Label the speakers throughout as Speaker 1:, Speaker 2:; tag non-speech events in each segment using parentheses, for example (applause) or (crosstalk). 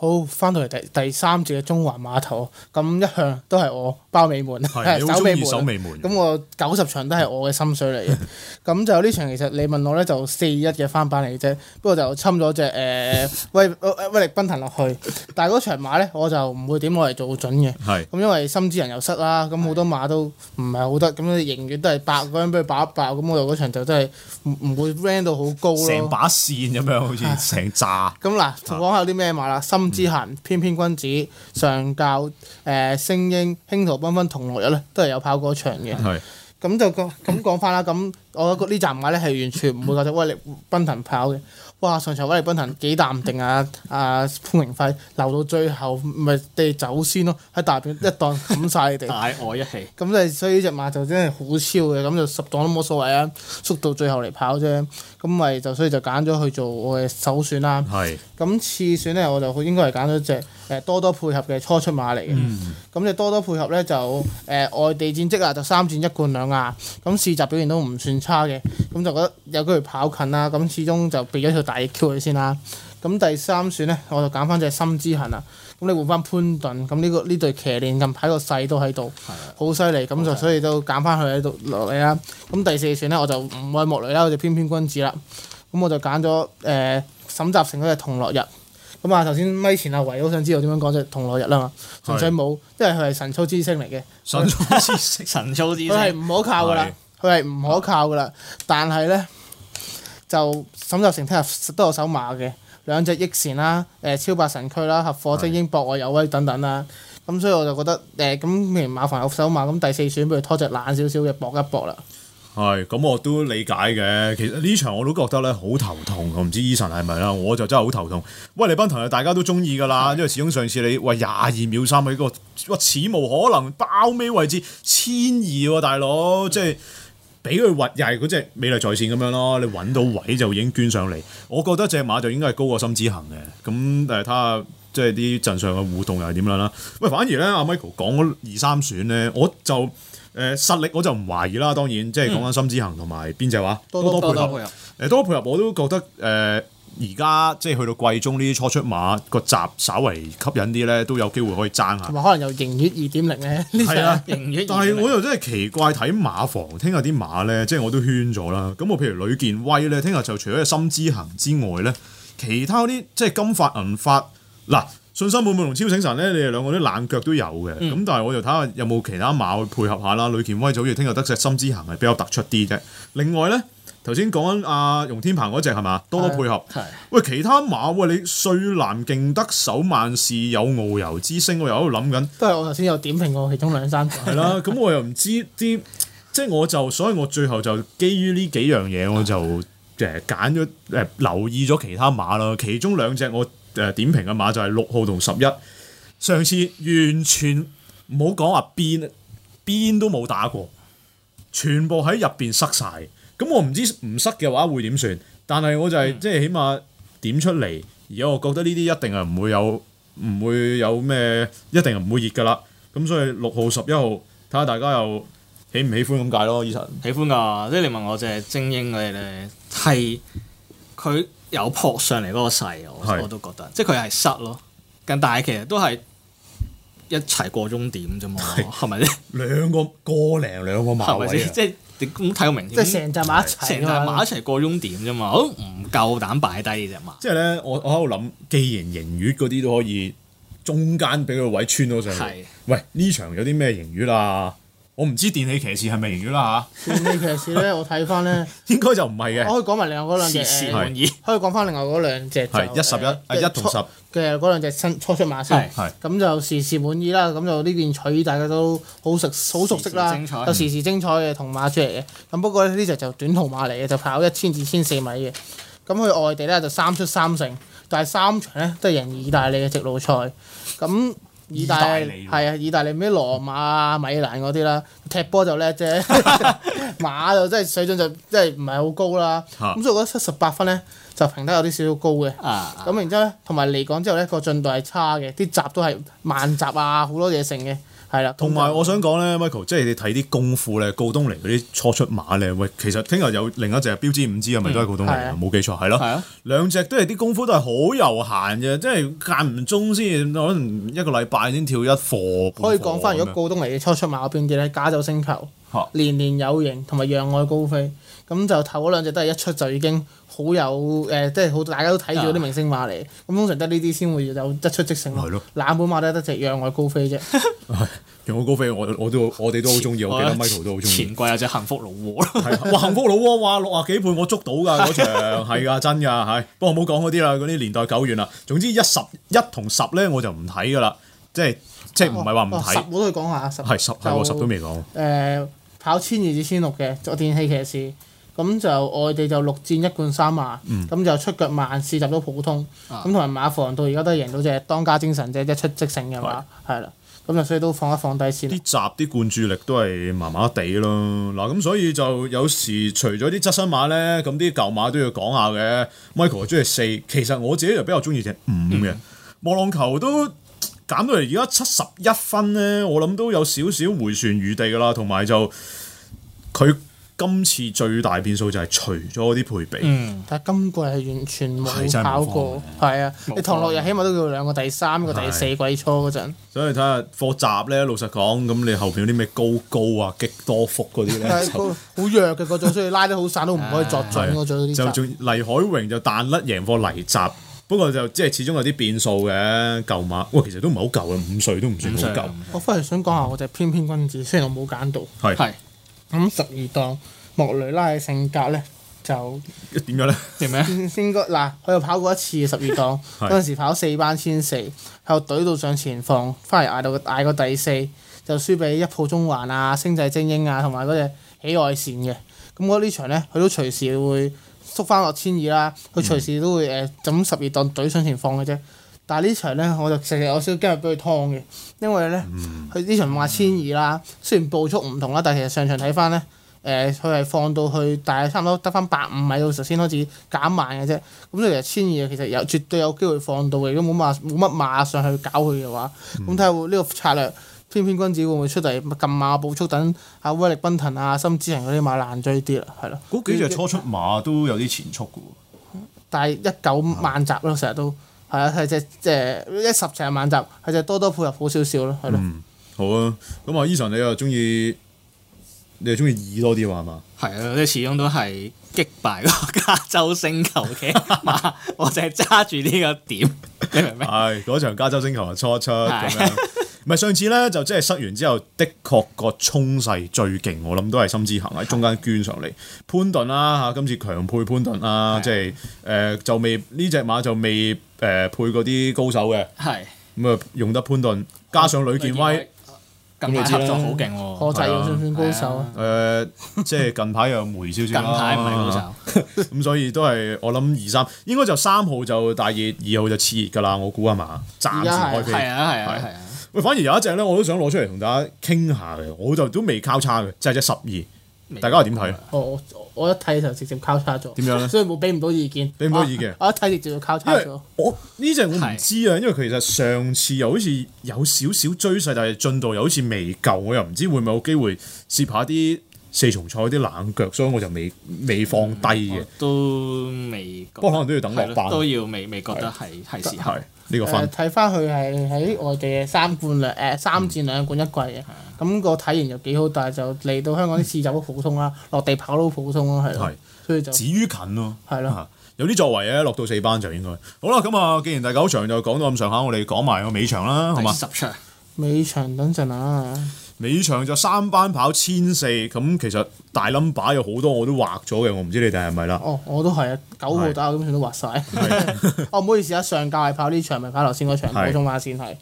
Speaker 1: 好，翻到嚟第第三節嘅中環碼頭，咁一向都係我包尾門，守尾門。咁我九十場都係我嘅心水嚟嘅，咁就呢場其實你問我咧就四一嘅翻版嚟嘅啫，不過就侵咗隻誒威力奔騰落去，但係嗰場馬咧我就唔會點攞嚟做準嘅。係。咁因為心之人又失啦，咁好多馬都唔係好得，咁你仍然都係爆，咁樣俾佢爆一爆，咁我就嗰場就真係唔唔會 range 到好高咯。成把
Speaker 2: 線咁樣好似成紮。
Speaker 1: 咁嗱，講下啲咩馬啦，心。之行翩翩君子上教誒、呃，星英，兄徒繽紛同學友咧，都係有跑過一場嘅。
Speaker 2: 咁
Speaker 1: 是就講咁講翻啦。咁我覺得呢站馬咧係完全唔會覺得威力奔騰跑嘅。哇！上場威力奔騰幾淡定 (laughs) 啊！阿潘明輝留到最後咪地 (laughs) 走先咯，喺大邊一檔冚晒 (laughs) 你哋。大我 (laughs) 一氣。咁就 (laughs) 所以呢隻馬就真係好超嘅，咁就十檔都冇所謂啊！縮到最後嚟跑啫，咁咪就所以就揀咗去做我嘅首選啦。係是。咁次選呢，我就應該係揀咗隻誒多多配合嘅初出馬嚟嘅。嗯。咁就多多配合呢，就誒、呃、外地戰績啊就三戰一冠兩亞，咁試閘表現都唔算，算差嘅，咁就覺得有機會跑近啦。咁始終就避咗大 Q 佢先啦，咁第三選咧我就揀翻隻心之痕啦，咁你換翻潘頓，咁呢個呢對騎練近排個勢都喺度，好犀利，咁就的所以都揀翻佢喺度落嚟啦。咁的第四選咧我就唔愛莫雷啦，我就偏偏君子啦，咁我就揀咗誒沈集成嗰隻同樂日。咁啊頭先咪前阿維好想知道點樣講隻同樂日啦嘛，純粹冇，的因為佢係神操之星嚟嘅，神操之星，神操之星，佢係唔可靠噶啦，佢係唔可靠噶啦，但係咧。就沈集成聽日都有手馬嘅，兩隻益善啦，誒、呃、超白神驅啦，合夥精英博是的 外有威等等啦，咁、嗯、所以我就覺得誒咁，既然馬房有手馬，咁第四選不如拖隻冷少少嘅搏一搏啦。
Speaker 2: 係，咁我都理解嘅。其實呢場我都覺得咧好頭痛，唔知 Eason 係咪啦？我就真係好頭痛。喂，你班朋友大家都中意噶啦，是的 因為始終上次你喂廿二秒三喺個哇似無可能包尾位置千二喎，啊，大佬即係。嗯俾佢揾又係嗰隻美麗財線咁樣咯，你揾到位就已經捐上嚟。我覺得隻馬就應該係高過心之行嘅。咁誒睇下即係啲陣上嘅互動又係點樣啦。喂，反而咧阿 Michael 講二三選咧，我就誒、呃、實力我就唔懷疑啦。當然即係講緊心之行同埋邊隻馬多多配合誒，多多配合我都覺得誒。呃而家即係去到季中呢啲初出馬個閘稍為吸引啲咧，都有機會可以爭下。
Speaker 1: 有可能又盈月二點零咧，呢隻、 (laughs) 啊、盈 (laughs) 但
Speaker 2: 係我又真係奇怪，睇馬房聽下啲馬咧，即係我都圈咗啦。咁我譬如呂健威咧，聽日就除咗隻心之行之外咧，其他嗰啲即係金發銀發嗱，信心滿滿同超醒神咧，你哋兩個啲冷腳都有嘅。咁、嗯、但係我就睇下有冇其他馬去配合下啦。呂健威就好似聽日得隻心之行係比較突出啲啫。另外咧。頭先講緊阿容天鵬嗰隻係嘛，多多配合。喂，其他馬喂，你歲難勁得手，萬事有傲遊之星，我又喺度諗緊。都係我頭先有點評過其中兩三個。係 (laughs) 啦，咁我又唔知啲，即係我就，所以我最後就基於呢幾樣嘢，我就誒揀咗誒留意咗其他馬啦。其中兩隻我誒、呃、點評嘅馬就係六號同十一，上次完全唔好講話邊邊都冇打過，全部喺入邊塞晒。咁我唔知唔塞嘅話會點算，但係我就係即係起碼點出嚟，嗯、而家我覺得呢啲一定係唔會有唔會有咩，一定係唔會熱噶啦。咁所以六號十
Speaker 3: 一號睇下大家又喜唔喜歡咁解咯，醫生。喜歡噶，即係你問我就係精英嘅咧，係佢有撲上嚟嗰個勢，我都覺得，是 即係佢係塞咯。咁但係其實都係一齊過終點啫嘛，係咪咧？兩個個零兩個馬位即係。咁睇個名，即係成
Speaker 1: 集埋一齊，成集埋一
Speaker 3: 齊過終點啫嘛，我都唔夠膽擺低隻馬。即係咧，我我喺度諗，既
Speaker 2: 然盈餘嗰啲都可以，中間俾個位穿到上嚟，是喂，呢場有啲咩盈餘啊？我唔知電氣騎士係咪贏咗啦嚇，
Speaker 1: 電氣騎士咧，我睇翻咧， (laughs) 應
Speaker 2: 該就唔係嘅。可以
Speaker 1: 講埋另外嗰兩隻，時時滿意。可以講翻另外嗰兩隻就
Speaker 2: 一十
Speaker 1: 一，欸、一同十嘅嗰兩隻新初出馬先，咁、嗯、就時時滿意啦。咁就呢邊賽事大家都好熟好熟悉啦，時時就時時精彩嘅同馬出嚟嘅。咁、嗯、不過呢隻就短途馬嚟嘅，就跑一千至千四米嘅。咁去外地咧就三出三成。但係三場咧都贏意大利嘅直路賽。咁意大利係啊，意大利咩羅對馬啊、米蘭嗰啲啦，踢波就叻啫， (laughs) (laughs) 馬就真係水準就真係唔係好高啦。咁 (laughs) 所以我覺得七十八分咧。就評得有啲少少高嘅，咁然之後咧，同埋嚟港之後咧，個進度係差嘅，啲閘都係慢閘啊，好多嘢剩嘅，係啦。同埋我
Speaker 2: 想講咧，Michael，即係你睇啲功夫咧，高東尼嗰啲初出馬咧，喂，其實聽日有另一隻標誌五知係咪都係高東尼，冇記錯係咯，兩隻都係啲功夫都係好悠閒嘅，即係間唔中先，可能一個禮拜先跳一課。可以講翻，如果高
Speaker 1: 東尼嘅初出馬邊啲咧？加州星球、年年有型，同埋讓愛高飛。咁就頭嗰兩隻都係一出就已經好有誒，即係好大家都睇住嗰啲明星馬嚟。咁通常得呢啲先會有一出即勝咯。冷門馬咧得隻《讓我高飛》啫，
Speaker 2: 《讓我高飛》我我都我哋都好中意，我記得 Michael 都好中意。錢貴啊，隻幸福老鵝，幸福老鵝哇，六啊幾倍我捉到㗎嗰場，係㗎真㗎係。不過唔好講嗰啲啦，嗰啲年代久遠啦。總之一十一同十咧，我就唔睇㗎啦，即係即係唔係話唔睇。十
Speaker 1: 我都講下，十係十係我十都未講。誒，跑千二至千六嘅捉電氣騎士。咁就外地就六戰一冠三亞，咁就、嗯、出腳慢，四集都普通，咁同埋馬房到而家都係贏到隻當家精神，只一出即勝嘅嘛，係啦的，咁就所以都放一放低先。啲集
Speaker 2: 啲灌注力都係麻麻地咯，嗱咁所以就有時除咗啲質身馬咧，咁啲舊馬都要講下嘅。Michael 中意四，其實我自己就比較中意隻五嘅。望、嗯、浪球都減到嚟，而家七十一分咧，我諗都有少少回旋餘地嘅啦，同埋就佢。今次最大變數就係除咗啲配備，
Speaker 1: 但係今季係完全冇考過，係啊！你同諾日起碼都叫兩個第三個第四季初嗰陣。
Speaker 2: 所以睇下課集咧，老實講，咁你後邊有啲咩高高啊、極多福嗰啲咧？
Speaker 1: 好弱嘅嗰種，所以拉得好散都唔可以作準嗰種就仲
Speaker 2: 黎海榮就彈甩贏貨嚟集，不過就即係始終有啲變數嘅舊馬。喂，其實都唔係好舊啊，五歲都唔算好舊。
Speaker 1: 我反而想講下我隻偏偏君子，雖然我冇揀到。係。咁十二檔莫雷拉嘅性格咧就點解咧？點咩？先嗰嗱，佢又跑過一次十二檔，嗰陣 (laughs) 時跑四班千四，喺度隊到上前放，返嚟捱到捱到第四，就輸俾一鋪中環啊、星際精英啊同埋嗰隻喜愛線嘅。咁嗰呢場咧，佢都隨時會縮翻落千二啦，佢隨時都會誒揼十二檔隊上前放嘅啫。但係呢場咧，我就成日有少少驚，係俾佢劏嘅，因為咧佢呢、嗯、場話千二啦，雖然步速唔同啦，但係其實上場睇翻咧，誒佢係放到去，但係差唔多得翻百五米到，時先開始減慢嘅啫。咁所以其實千二其實有絕對有機會放到嘅，如果冇馬冇乜馬上去搞佢嘅話，咁睇下呢個策略，偏偏君子會唔會出嚟撳馬步速等啊、威力奔騰啊、森之靈嗰啲馬爛追啲啦，係咯。嗰幾隻初出
Speaker 2: 馬都有啲前速嘅喎。嗯、
Speaker 1: 但係一九萬集咯，成日都。啊啊係啊，係只即係一十場晚集，係就多多配合好少少咯，
Speaker 2: 係咯。嗯，好啊。咁啊，Eason 你又中意，你又中意耳
Speaker 3: 多啲嘛？係嘛？係啊，即始終都係擊敗個加州星球嘅馬，我淨係揸住呢個點，你
Speaker 2: 明唔明？係嗰場加州星球啊，初出咁樣。唔係上次咧，就即係塞完之後，的確個衝勢最勁，我諗都係心之行喺中間捐上嚟。潘頓啦嚇，今次強配潘頓啦，即係誒就未呢隻馬就未。誒配嗰啲高手嘅，係咁啊！用得潘頓，加上呂健威，近排合作好勁喎，何仔又算算高手？誒，即係近排又有梅少少，近排唔係高手，咁 (laughs) 所以都係我諗二三應該就三號就大熱，二號就次熱㗎啦，我估吖嘛？暫時開飛啊，係啊係啊！喂、啊啊啊啊啊，反而有一隻咧，我都想攞出嚟同大家傾下嘅，我就都未交叉嘅，即係隻十二。大家係點睇？
Speaker 1: 我我一睇就直接交叉咗。點樣咧？所以冇俾唔
Speaker 2: 到意見。俾唔到意見。啊、
Speaker 1: 我一睇直接交叉咗。
Speaker 2: 我呢隻我唔知啊，因為佢、這個、是其實上次又好似有少少追勢，但係進度又好似未夠，我又唔知會唔會有機會試下啲四重賽啲冷腳，所以我就未未放
Speaker 3: 低嘅。嗯、都未。不過可能都要等係。都要未未覺得係係時候。的的誒
Speaker 1: 睇翻佢係喺外地嘅三冠兩誒、呃、三戰兩冠一季嘅，咁、嗯嗯、個體型就幾好，但係就嚟到香港啲試走都普通啦，嗯、落地跑都普通咯，係。係。所以就。止於近咯、啊。係咯的、啊。
Speaker 2: 有啲作為嘅，落到四班就應該。好啦，咁啊，既然第九場就講到咁上下，我哋講埋個尾場啦，好嘛？十場。
Speaker 1: 尾場等陣啊！
Speaker 2: 尾場就三班跑千四，咁其實大冧把有好多我都劃咗嘅，我唔知你哋係咪啦。
Speaker 1: 哦，我都係啊，九個打九號打我基本上都劃晒。是 (laughs) 哦，唔好意思啊，上屆係跑呢場咪跑落先頭先嗰場嗰種花先係。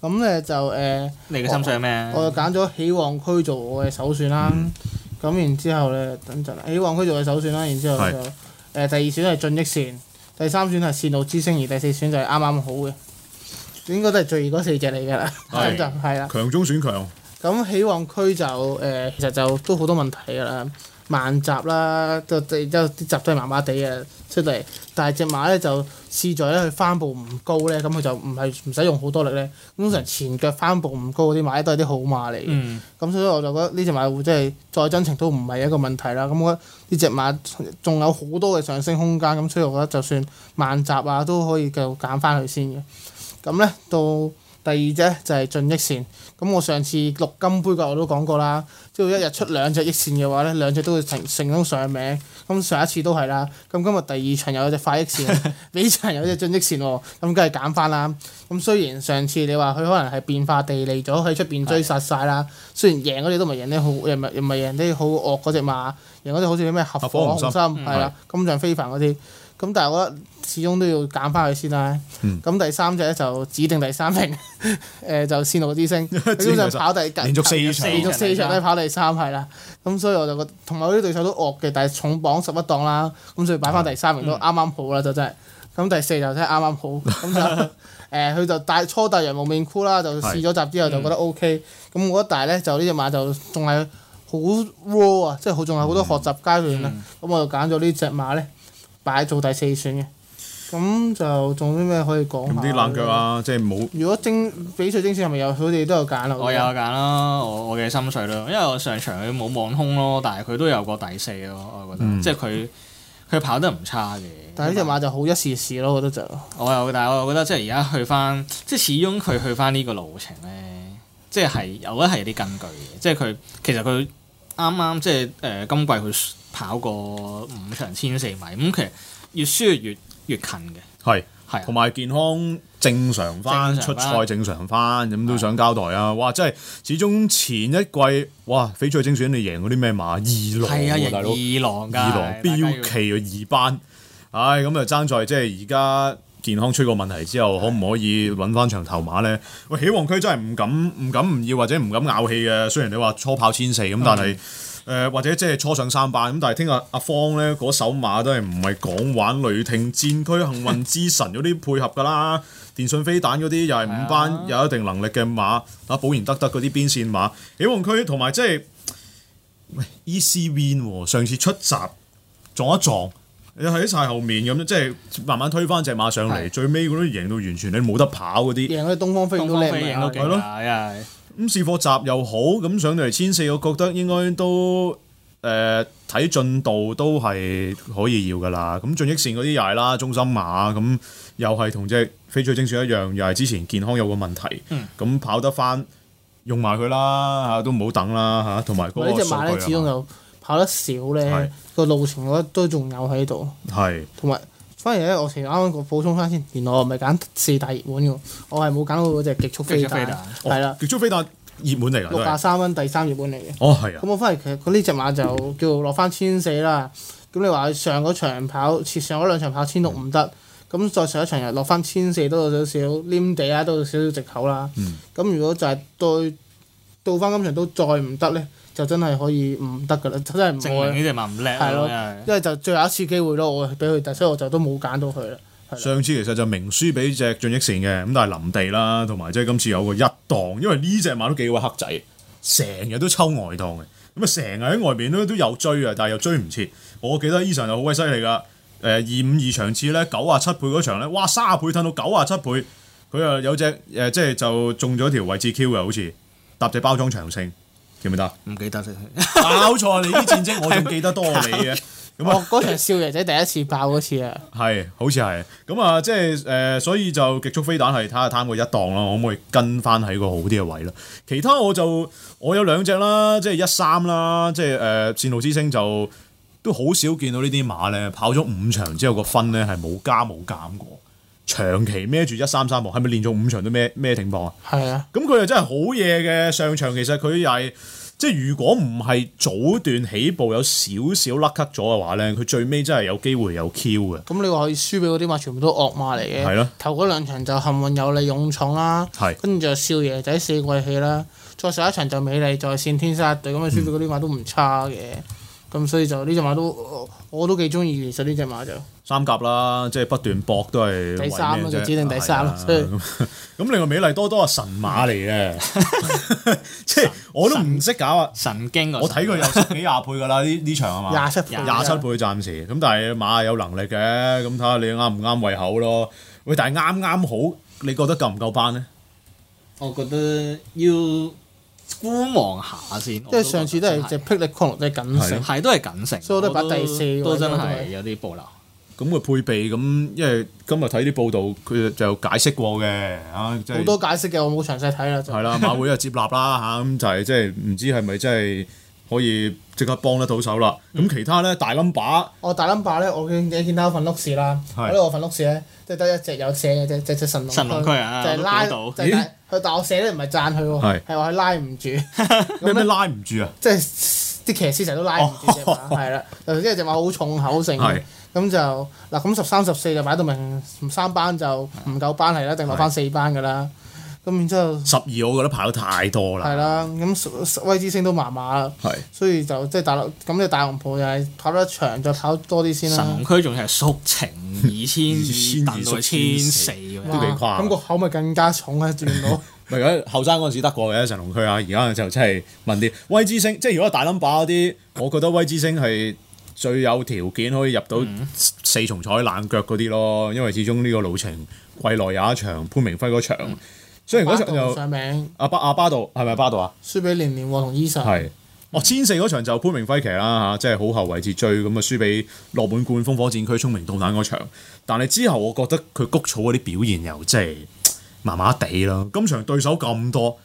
Speaker 1: 咁咧是就誒。呃、你嘅心水咩？我揀咗起旺區做我嘅首選啦。咁、嗯、然之後咧，等陣。起旺區做我嘅首選啦，然之後就誒是、呃、第二選係進益線，第三選係線路之星，而第四選就係啱啱好嘅。應該都係最尾嗰四隻嚟㗎啦。係啦。
Speaker 2: 強中選強。
Speaker 1: 咁起旺區就誒、呃，其實就都好多問題㗎啦，慢閘啦，就即之後啲閘都係麻麻地嘅出嚟。但係隻馬咧就試咗咧佢翻步唔高咧，咁佢就唔係唔使用好多力咧。通常前腳翻步唔高嗰啲馬咧都係啲好馬嚟嘅。咁、嗯、所以我就覺得呢隻馬會真係再真情都唔係一個問題啦。咁我覺得呢隻馬仲有好多嘅上升空間。咁所以我覺得就算慢閘啊都可以繼續揀翻佢先嘅。咁咧到。第二隻就係進益線，咁我上次六金杯個我都講過啦，即係一日出兩隻益線嘅話咧，兩隻都會成成功上名，咁上一次都係啦，咁今日第二場有隻快益線， (laughs) 第三場有隻進益線喎，咁梗係揀翻啦。咁雖然上次你話佢可能係變化地嚟咗喺出邊追殺晒啦，是的 雖然贏嗰啲都唔係贏得好，又唔又唔係贏得好惡嗰隻馬，贏嗰啲好似咩合夥，火紅心，係啦，金像非凡嗰啲。咁但係我覺得始終都要揀翻佢先啦。咁第三隻咧就指定第三名，誒就線路之星，佢都就跑第，連續四場，連續四場都跑第三係啦。咁所以我就覺，同埋嗰啲對手都惡嘅，但係重磅十一檔啦，咁所以擺翻第三名都啱啱好啦，就真係。咁第四就真係啱啱好，咁就誒佢就帶初帶羊毛面箍啦，就試咗一集之後就覺得 O K。咁我覺得，但係咧就呢隻馬就仲係好 raw 啊，即係仲係好多學習階段啦。咁我就揀咗呢隻馬咧。擺做第四選嘅，咁就仲有啲咩可以講下？啲冷腳啊，即係冇。如果精比賽精選係咪有佢哋都有揀啊？我，我有
Speaker 3: 揀啦，我我嘅心水咯，因為我上場佢冇望空咯，但係佢都有個第四咯，我覺得，嗯、即係佢佢跑得唔差嘅。
Speaker 1: 但係呢隻馬就好一試試咯，是我覺得就。
Speaker 3: 我有，但係我覺得即係而家去翻，即係始終佢去翻呢個路程咧，即係有得係有啲根據嘅，即係佢其實佢啱啱即係誒、呃、今季佢。跑過五場千四米，咁其實越輸越越近嘅對。係係，同埋健康
Speaker 2: 正常翻出賽正常翻，咁是的 都想交代啊！哇，真係始終前一季哇，翡翠精選你贏嗰啲咩馬二郎啊，郎，佬二郎，噶挪，標騎的二班。家唉，咁就爭在即係而家健康出個問題之後，是的 可唔可以揾翻場頭馬咧？喂、哎，喜旺區真係唔敢唔敢唔要或者唔敢咬氣嘅。雖然你話初跑千四咁，但係。Okay 誒或者即係初上三班咁，但係聽日阿方咧嗰手馬都係唔係講玩雷霆戰區、幸運之神嗰啲配合㗎啦， (laughs) 電信飛彈嗰啲又係五班有一定能力嘅馬，啊保賢得得嗰啲邊線馬，起旺區同埋即係喂 Easy Win、哦、上次出閘撞一撞，你喺晒後面咁樣，即係慢慢推返隻馬上嚟，是的 最尾嗰啲贏到完全你冇得跑嗰啲，贏喺東方飛都，東方飛贏都勁啊，吧吧咁試過閘又好，咁上到嚟千四，我覺得應該都誒睇、呃、進度都係可以要㗎啦。咁進益線嗰啲又係啦，中心馬咁又係同隻翡翠精選一樣，又係之前健康有個問題，咁、嗯、跑得返用埋佢啦嚇，都唔好等啦嚇。同埋嗰隻馬咧，始終
Speaker 1: 有，跑得少咧，個是是路程我覺得都仲有喺度。係同埋。嗰陣咧，我前啱啱補充翻先，原來我唔係揀四大熱門嘅，我係冇揀到嗰隻極速飛彈，啦
Speaker 2: 了、哦，極速飛彈熱門嚟啦，六百三
Speaker 1: 蚊第三熱門嚟嘅。哦，係啊。咁我翻嚟其實佢呢隻馬就叫落翻千四啦。咁你話上嗰場跑，上嗰兩場跑千六唔得，咁、嗯、再上一場又落翻千四都有少少，黏地啊，都有少少藉口啦。咁、嗯、如果就係對到翻今場都再唔得咧？就真係可以唔得㗎啦！真係唔靚。正呢隻馬唔叻啊，的的因為就最後一次機會咯，我俾佢，但所以我就都冇揀到佢啦。
Speaker 2: 上次其實就明輸俾隻進益線嘅，咁但係林地啦，同埋即係今次有一個一檔，因為呢隻馬都幾鬼黑仔，成日都抽外檔嘅，咁啊成日喺外邊都都有追啊，但係又追唔切。我記得 Eason 就好鬼犀利㗎，誒二五二場次咧九啊七倍嗰場咧，哇三啊倍褪到九啊七倍，佢啊有隻誒即係就中咗條位置 Q 嘅好似搭隻包裝長勝。記唔記得？唔記得，
Speaker 1: (laughs) 搞錯，你啲戰績我仲記得多你嘅。咁啊，嗰場少爺仔第一次爆嗰次啊，
Speaker 2: 係，好似係。咁啊，即係，誒、呃,所以就極速飛彈係睇下貪過一檔咯，可唔可以跟翻喺個好啲嘅位啦？其他我就我有兩隻啦，即係一三啦，即係，誒、呃，戰路之星就都好少見到呢啲馬咧，跑咗五場之後，個分咧係冇加冇減過。長期孭住一三三望，係咪連咗五場都孭咩情況啊？係是啊，咁佢又真係好嘢嘅上場，其實佢又係即係如果唔係早段起步有少少甩咳咗嘅話咧，佢最尾真係有機會有 Q 嘅。
Speaker 1: 咁、嗯、你話可以輸俾嗰啲馬，全部都惡馬嚟嘅，頭嗰是、啊、兩場就幸運有利勇闖啦，是啊、跟住就少爺仔四季起啦，再上一場就美麗在線天生一對，咁啊輸俾嗰啲馬都唔差嘅。嗯嗯。咁所以就呢隻馬都，我都幾中意。其實呢隻馬就
Speaker 2: 三甲啦，即係不斷搏都係。第三，就指定第三。咁另外美麗多多係神馬嚟嘅， (laughs) (laughs) 即係我都唔識搞啊神經。我睇佢有幾廿倍噶啦，呢呢 (laughs) 場啊嘛。廿七廿七倍暫時，咁但係馬係有能力嘅，咁睇下你啱唔啱胃口咯。喂，但係啱啱好，你覺得夠唔夠班呢？
Speaker 3: 我覺得要。觀望下
Speaker 1: 先，即係上次都係隻霹靂狂龍都係緊城，係都係緊城，所以我都把第四。都真係有啲波瀾。
Speaker 2: 咁佢配備咁，因為今日睇啲報道，佢就解釋過嘅。啊，好多
Speaker 1: 解釋嘅，我冇詳細睇啦。係啦，馬會就
Speaker 2: 接納啦嚇，咁就係即係唔知係咪真係可以即刻幫得到手啦？咁其他咧大 number，
Speaker 1: 哦大 number 咧，我見見到份碌士啦，嗰我份碌士咧。即係得一隻有寫嘅啫，只隻神龍。神龍區啊，就係拉，就係佢。但係我寫都唔係贊佢喎，係話佢拉唔住。咩咩拉唔住啊？即係啲騎師成日都拉唔住隻馬，係啦，又因為隻馬好重口性。咁就嗱咁十三十四就擺到明，唔三班就唔夠班係啦，定落翻四班㗎啦。咁然之後
Speaker 2: 十二，我覺得跑得太多啦。係
Speaker 1: 啦，咁威之星都麻麻啦。所以就即係大陸咁嘅大紅鋪，就係跑得長，就跑多啲先啦。神龍區
Speaker 3: 仲要係縮程。二千等左千四，都幾誇！咁個
Speaker 1: 口咪更加重啊！轉到 (laughs) ，
Speaker 2: 唔係嗰啲後生嗰陣時得過嘅神龍區啊，而家就真係問啲威之星，即係如果大冧把嗰啲，我覺得威之星係最有條件可以入到四重彩冷腳嗰啲咯，因為始終呢個路程貴來有一場潘明輝嗰場，嗯、雖然嗰場就阿巴阿巴杜係咪巴杜啊？啊道是是道啊輸俾年年同 Eason 哦，千四嗰場就潘明輝騎啦嚇、啊，即係好後位至追咁啊，輸俾諾滿冠風火戰區聰明導彈嗰場。但係之後，我覺得佢谷草嗰啲表現又真係麻麻地啦。今場對手咁多，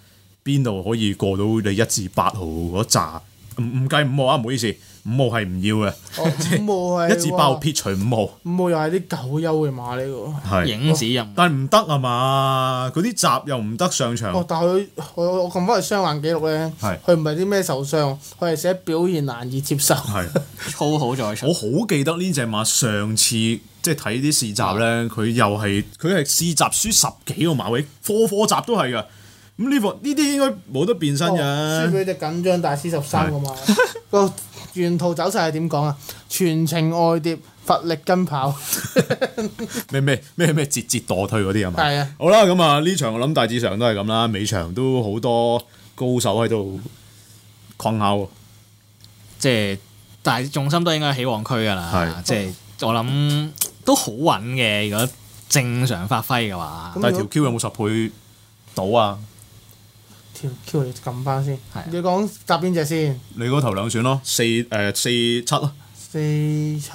Speaker 2: 邊度可以過到你一至八號嗰扎？唔唔計五號啊，唔好意思，號哦、五號係唔要嘅，
Speaker 1: (laughs) 一字包
Speaker 2: 撇除五號。
Speaker 1: 五號又係啲舊優嘅馬嚟嘅喎，是
Speaker 2: 影子任、哦，但係唔得啊嘛？佢啲閘又唔得上場。哦、
Speaker 1: 但係佢我近翻嚟雙環紀錄咧，佢唔係啲咩受傷，佢係寫表現難以接受，是 (laughs) 粗
Speaker 2: 好在場。我好記得呢隻馬上次即係睇啲試閘咧，佢又係佢係試閘輸十幾個馬位，科科閘都係嘅。咁呢呢啲應該冇得變身㗎，啊哦，輸俾
Speaker 1: 隻緊張大師十三啊嘛！個是的 沿途走勢係點講啊？全程外跌，乏力跟跑 (laughs) ，
Speaker 2: 咩咩咩咩節節墮退嗰啲係咪？係啊是的！好啦，咁啊呢場我諗大致上都係咁啦，尾場都好多高手喺度
Speaker 3: 抗下喎。即係，但係重心都應該起旺區㗎啦。係即係我諗都好穩嘅，如果正常發揮嘅話，但係條 Q 有冇十倍到啊？果是
Speaker 1: Q 你撳翻先，你講夾邊隻先？
Speaker 2: 你嗰頭兩選咯，四誒四七咯。四七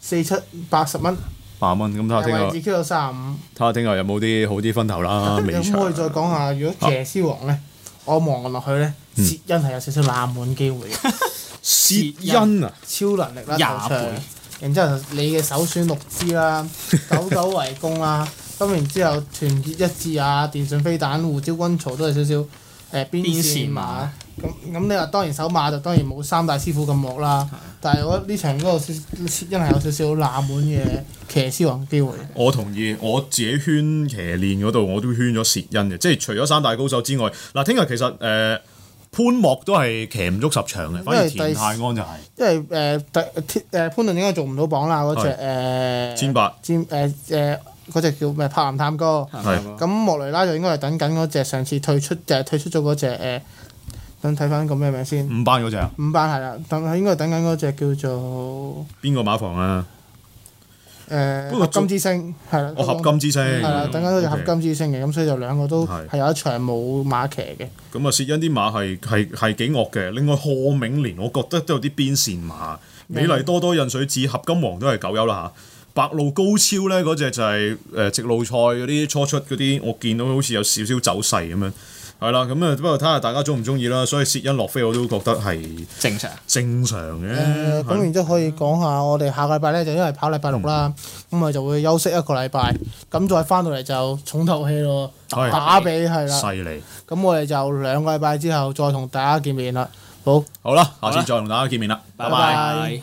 Speaker 1: 四七八十蚊。
Speaker 2: 八蚊，咁睇下聽日。Q
Speaker 1: 到卅五。睇
Speaker 2: 下聽日有冇啲好啲分頭啦。咁可
Speaker 1: 以再講下，如果邪師王咧，我望落去咧，薛恩係有少少冷門機會嘅。薛恩啊！超能力啦，頭上。然之後你嘅首選六支啦，久久圍攻啦，跟然之後團結一致啊，電信飛彈、胡椒軍曹都係少少。誒、呃、邊線馬？咁咁你話當然手馬就當然冇三大師傅咁惡啦。但係我覺得呢場嗰度，薛恩係有少少冷門嘅騎師王機會。
Speaker 2: 我同意，我自己圈騎練嗰度，我都圈咗薛恩嘅，即係除咗三大高手之外，嗱聽日其實誒、呃、潘莫都係騎唔足十場嘅，反而田泰安就
Speaker 1: 係、是。因為誒第、呃、潘頓應該做唔到榜啦嗰隻誒。千八。千誒嗰隻叫咩？柏林探戈，咁是莫雷拉就應該係等緊嗰隻上次退出就、呃、退出咗嗰隻誒，等睇翻個咩名先？
Speaker 2: 五班嗰隻、啊。
Speaker 1: 五班係啦，等佢應該等緊嗰隻叫做
Speaker 2: 邊個馬房啊？
Speaker 1: 誒、呃，合金之星係啦。我合金之星。係啦，等緊嗰隻合金之星嘅，咁所以就兩個都係有一場冇馬騎嘅。
Speaker 2: 咁啊、嗯，薛恩啲馬係係係幾惡嘅，另外賀銘年我覺得都有啲邊線馬，美麗多多印水紙合金王都係九優啦嚇。啊白露高超咧，嗰、那、只、個、就係誒直路賽嗰啲初出嗰啲，我見到好似有少少走勢咁樣，係啦，咁啊不過睇下大家中唔中意啦。所以薛恩洛飛我都覺得係正，正常，正常嘅。咁、嗯、
Speaker 1: 的然之後可以講下我哋下個禮拜咧，就因為跑禮拜六啦，咁咪、嗯、就會休息一個禮拜，咁再翻到嚟就重頭戲咯，是打吡係啦。犀利的！咁害我哋就兩個禮拜之後再同大家見面啦。好，好啦，下次再同大家見面啦。好拜拜。拜拜。